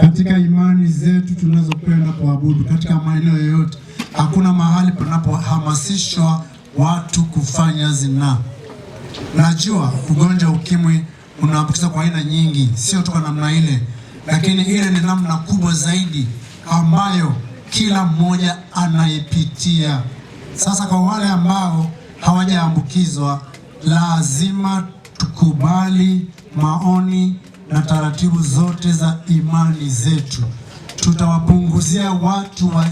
Katika imani zetu tunazokwenda kuabudu katika maeneo yoyote, hakuna mahali panapohamasishwa watu kufanya zinaa. Najua ugonjwa ukimwi unaambukiza kwa aina nyingi, sio tu kwa namna ile, lakini ile ni namna kubwa zaidi ambayo kila mmoja anaipitia. Sasa kwa wale ambao hawajaambukizwa, lazima tukubali maoni na taratibu zote za imani zetu. Tutawapunguzia watu wa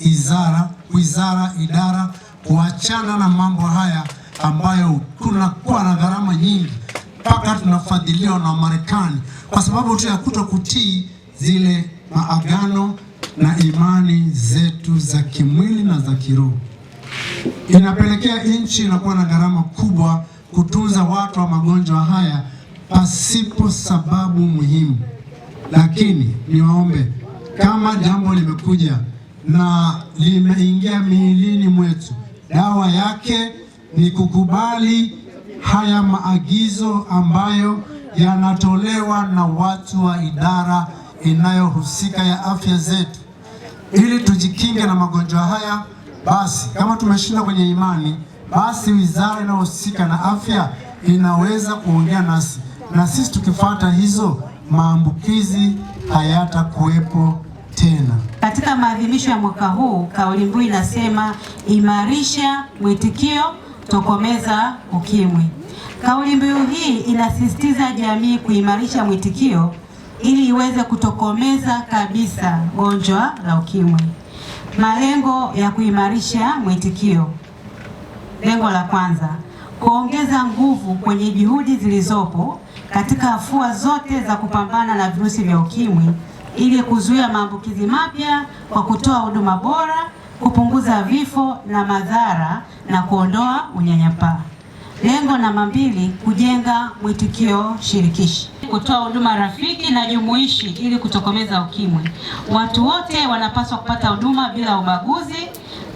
izara, wizara, idara kuachana na mambo haya ambayo tunakuwa na gharama nyingi mpaka tunafadhiliwa na Marekani kwa sababu tu ya kuto kutii zile maagano na imani zetu za kimwili na za kiroho. Inapelekea nchi inakuwa na gharama kubwa kutunza watu wa magonjwa haya pasipo sababu muhimu. Lakini niwaombe, kama jambo limekuja na limeingia miilini mwetu, dawa yake ni kukubali haya maagizo ambayo yanatolewa na watu wa idara inayohusika ya afya zetu, ili tujikinge na magonjwa haya. Basi kama tumeshinda kwenye imani, basi wizara inayohusika na afya inaweza kuongea nasi na sisi tukifuata hizo maambukizi hayatakuwepo tena. Katika maadhimisho ya mwaka huu, kauli mbiu inasema imarisha mwitikio, tokomeza ukimwi. Kauli mbiu hii inasisitiza jamii kuimarisha mwitikio ili iweze kutokomeza kabisa gonjwa la ukimwi. Malengo ya kuimarisha mwitikio, lengo la kwanza kuongeza nguvu kwenye juhudi zilizopo katika afua zote za kupambana na virusi vya UKIMWI ili kuzuia maambukizi mapya kwa kutoa huduma bora, kupunguza vifo na madhara na kuondoa unyanyapaa. Lengo namba mbili, kujenga mwitikio shirikishi, kutoa huduma rafiki na jumuishi ili kutokomeza UKIMWI. Watu wote wanapaswa kupata huduma bila ubaguzi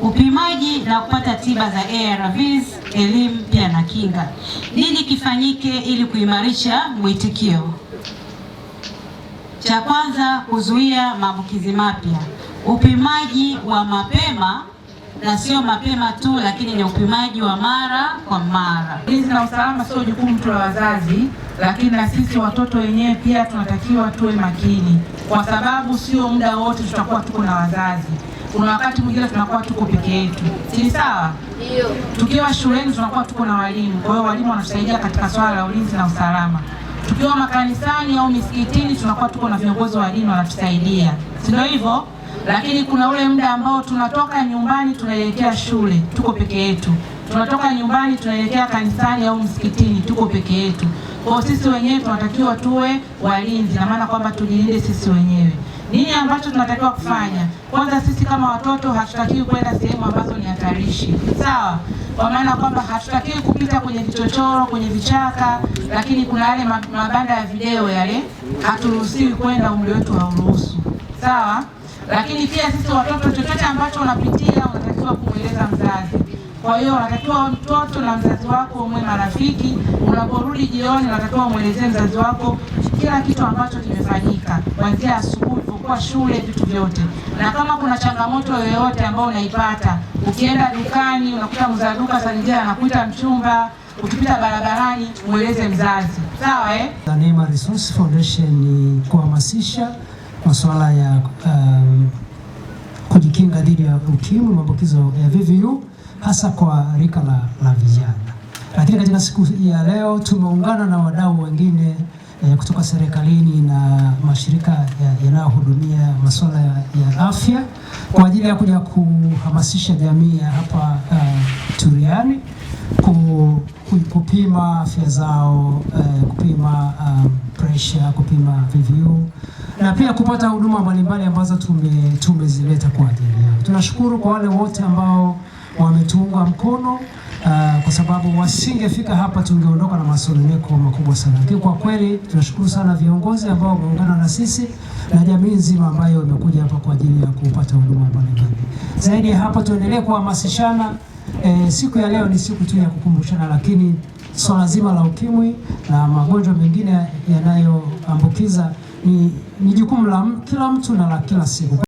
upimaji na kupata tiba za ARVs, elimu pia na kinga. Nini kifanyike ili kuimarisha mwitikio? Cha kwanza, kuzuia maambukizi mapya. Upimaji wa mapema na sio mapema tu, lakini ni upimaji wa mara kwa mara. Hizi na usalama sio jukumu tu la wazazi, lakini na sisi watoto wenyewe pia tunatakiwa tuwe makini, kwa sababu sio muda wote tutakuwa tuko na wazazi kuna wakati mwingine tunakuwa tuko peke yetu, si sawa? Tukiwa shuleni tunakuwa tuko na walimu, kwa hiyo walimu wanatusaidia katika swala la ulinzi na usalama. Tukiwa makanisani au misikitini tunakuwa tuko na viongozi wa dini wanatusaidia, si ndio hivyo? Lakini kuna ule muda ambao tunatoka nyumbani tunaelekea shule, tuko peke yetu, tunatoka nyumbani tunaelekea kanisani au msikitini, tuko peke yetu. Kwa sisi wenyewe tunatakiwa tuwe walinzi, na maana kwamba tujilinde sisi wenyewe. Nini ambacho tunatakiwa kufanya? Kwanza, sisi kama watoto hatutakiwi kwenda sehemu ambazo ni hatarishi, sawa? Kwa maana kwamba hatutakiwi kupita kwenye vichochoro, kwenye vichaka, lakini kuna yale mabanda ya video yale, haturuhusiwi kwenda, umri wetu hauruhusu, sawa? Lakini pia sisi watoto, chochote ambacho unapitia unatakiwa kumweleza mzazi. Kwa hiyo unatakiwa mtoto na mzazi wako mwe marafiki. Unaporudi jioni, unatakiwa umwelezee mzazi wako kila kitu ambacho kimefanyika kuanzia asubuhi kwa shule, vitu vyote. Na kama kuna changamoto yoyote ambayo unaipata ukienda dukani, unakuta muuza duka sanijia anakuita mchumba, ukipita barabarani, mweleze mzazi, sawa eh? The Neema Resource Foundation ni kuhamasisha masuala ya um, kujikinga dhidi ya ukimwi, maambukizo ya VVU hasa kwa rika la, la vijana. Lakini katika siku ya leo tumeungana na wadau wengine eh, kutoka serikalini na mashirika yanayohudumia ya masuala ya afya kwa ajili ya kuja kuhamasisha jamii ya hapa uh, Turiani ku, kupima afya zao eh, kupima um, pressure, kupima VVU na pia kupata huduma mbalimbali ambazo tume tumezileta kwa ajili yao. Tunashukuru kwa wale wote ambao wametuunga mkono. Ah, kwa sababu wasingefika hapa tungeondoka na masononeko makubwa sana. Lakini kwa kweli tunashukuru sana viongozi ambao wameungana na sisi na jamii nzima ambayo imekuja hapa kwa ajili ya kupata huduma mbalimbali. Zaidi ya hapo, tuendelee kuhamasishana. E, siku ya leo ni siku tu ya kukumbushana, lakini swala so zima la ukimwi na magonjwa mengine yanayoambukiza ni, ni jukumu la kila mtu na la kila siku.